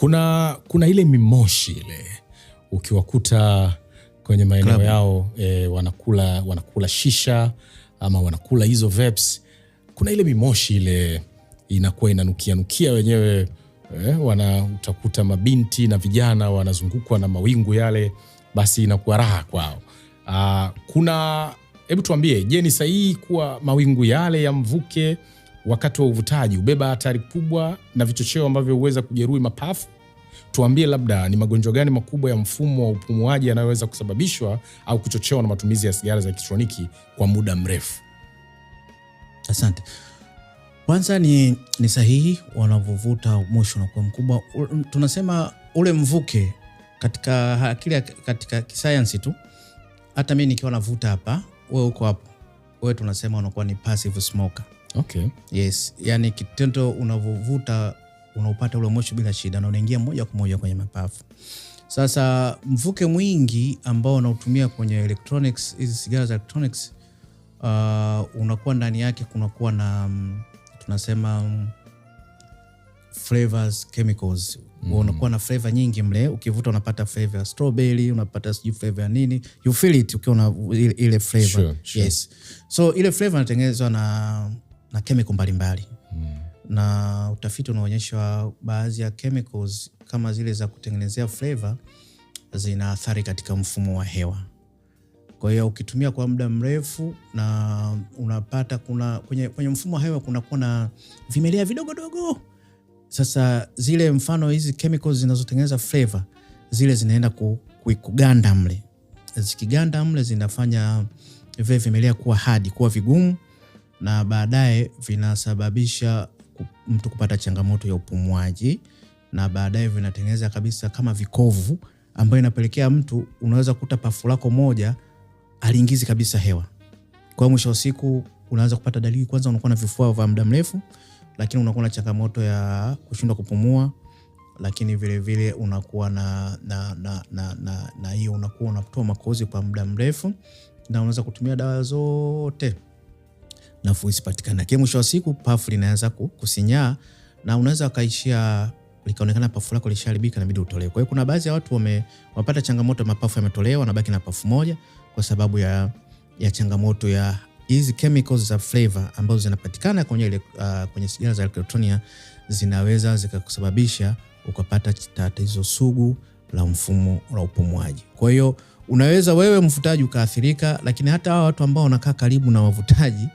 kuna, kuna ile mimoshi ile ukiwakuta kwenye maeneo yao e, wanakula, wanakula shisha ama wanakula hizo vapes. Kuna ile mimoshi ile inakuwa inanukia nukia wenyewe e, wana utakuta mabinti na vijana wanazungukwa na mawingu yale, basi inakuwa raha kwao. Ah, kuna hebu tuambie, je, ni sahihi kuwa mawingu yale ya mvuke wakati wa uvutaji hubeba hatari kubwa na vichocheo ambavyo huweza kujeruhi mapafu. Tuambie labda ni magonjwa gani makubwa ya mfumo wa upumuaji yanayoweza kusababishwa au kuchochewa na matumizi ya sigara za elektroniki kwa muda mrefu? Asante. Kwanza ni, ni sahihi wanavovuta moshi unakuwa mkubwa. Tunasema ule mvuke katika akili, katika kisayansi tu. Hata mi nikiwa navuta hapa, wewe uko hapo, wewe tunasema unakuwa ni passive smoker. Okay. Yes, yani kitendo unavovuta unaupata ule moshi bila shida na unaingia moja kwa moja kwenye mapafu. Sasa mvuke mwingi ambao unaotumia kwenye electronics, hizi sigara za electronics uh, unakuwa ndani yake kunakuwa na um, tunasema um, flavors chemicals mm. Unakuwa na flavor nyingi mle, ukivuta unapata flavor ya strawberry, unapata sijui flavor ya nini, you feel it ukiwa na ile flavor sure, sure. Yes, so ile flavor inatengenezwa na na chemical mbalimbali mm. na utafiti unaonyesha baadhi ya chemicals kama zile za kutengenezea flavor zina athari katika mfumo wa hewa. Kwa hiyo ukitumia kwa muda mrefu na unapata kuna kwenye, kwenye mfumo wa hewa kunakuwa na vimelea vidogodogo. Sasa zile mfano hizi chemicals zinazotengeneza flavor zile zinaenda kuganda mle, zikiganda mle zinafanya vile vimelea kuwa hadi kuwa vigumu na baadaye vinasababisha mtu kupata changamoto ya upumuaji na baadaye vinatengeneza kabisa kama vikovu ambayo inapelekea mtu unaweza kuta pafu lako moja aliingizi kabisa hewa. Kwa mwisho wa siku unaanza kupata dalili, kwanza unakuwa na vifua vya muda mrefu, lakini unakuwa na changamoto ya kushindwa kupumua, lakini vile vile unakuwa na na na na na, na hiyo unakuwa unatoa makozi kwa muda mrefu, na unaweza kutumia dawa zote nafuu isipatikana. Lakini mwisho wa siku pafu linaanza kusinyaa na unaweza ukaishia likaonekana pafu lako lishaharibika, na inabidi utolewe. Kwa hiyo kuna baadhi ya watu wame, wamepata changamoto mapafu yametolewa wanabaki na pafu moja kwa sababu ya, ya changamoto ya hizi chemicals za flavor ambazo zinapatikana kwenye ile uh, kwenye sigara za Electronia zinaweza zikakusababisha ukapata tatizo sugu la mfumo la upumuaji. Kwa hiyo Unaweza wewe mvutaji ukaathirika, lakini hata hawa watu ambao wanakaa karibu na wavutaji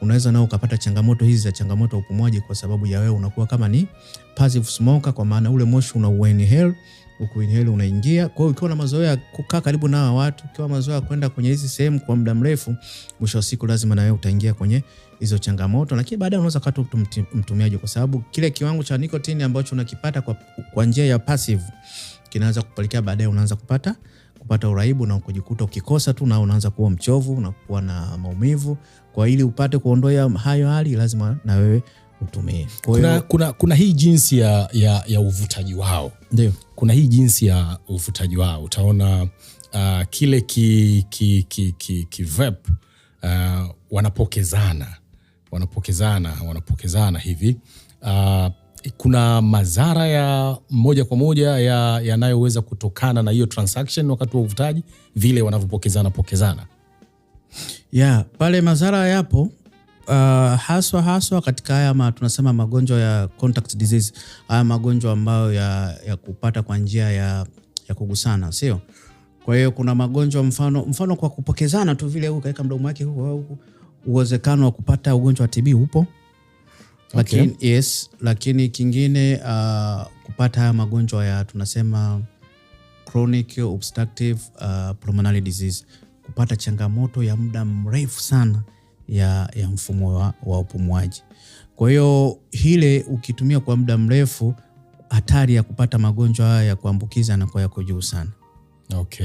unaweza nao ukapata changamoto hizi za changamoto ya upumuaji, kwa sababu ya wewe unakuwa kama ni passive smoker, kwa maana ule moshi una uinhale ukuinhale unaingia. Kwa hiyo ukiwa na mazoea ya kukaa karibu na hawa watu, ukiwa mazoea kwenda kwenye hizi sehemu kwa muda mrefu, mwisho wa siku lazima na wewe utaingia kwenye hizo changamoto, lakini baadaye unaweza kata mtumiaji, kwa sababu kile kiwango cha nikotini ambacho unakipata kwa, kwa njia ya passive kinaanza kupelekea baadaye unaanza kupata kupata uraibu na kujikuta ukikosa tu na unaanza kuwa mchovu, kuwa na maumivu. Kwa ili upate kuondoa hayo hali, lazima na wewe utumie. Kwa hiyo kuna, kuna, kuna hii jinsi ya, ya, ya uvutaji wao, ndio kuna hii jinsi ya uvutaji wao. Utaona uh, kile ki, ki, ki, ki, ki vep, uh, wanapokezana wanapokezana wanapokezana hivi uh, kuna madhara ya moja kwa moja yanayoweza ya kutokana na hiyo transaction wakati wa uvutaji, vile wanavyopokezana pokezana? Yeah, pale madhara yapo. Uh, haswa haswa katika haya ma, tunasema magonjwa ya contact disease, haya magonjwa ambayo ya, ya kupata kwa njia ya, ya kugusana, sio? Kwa hiyo kuna magonjwa mfano mfano kwa kupokezana tu vile, huyu kaweka mdomo wake huko, uwezekano wa kupata ugonjwa wa TB upo okay. Lakini, yes, lakini kingine uh, kupata haya magonjwa ya tunasema chronic obstructive uh, pulmonary disease, kupata changamoto ya muda mrefu sana ya, ya mfumo wa, wa upumuaji. Kwa hiyo hile ukitumia kwa muda mrefu hatari ya kupata magonjwa haya ya kuambukiza yanakuwa yako juu sana. Okay.